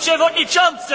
przewodniczący!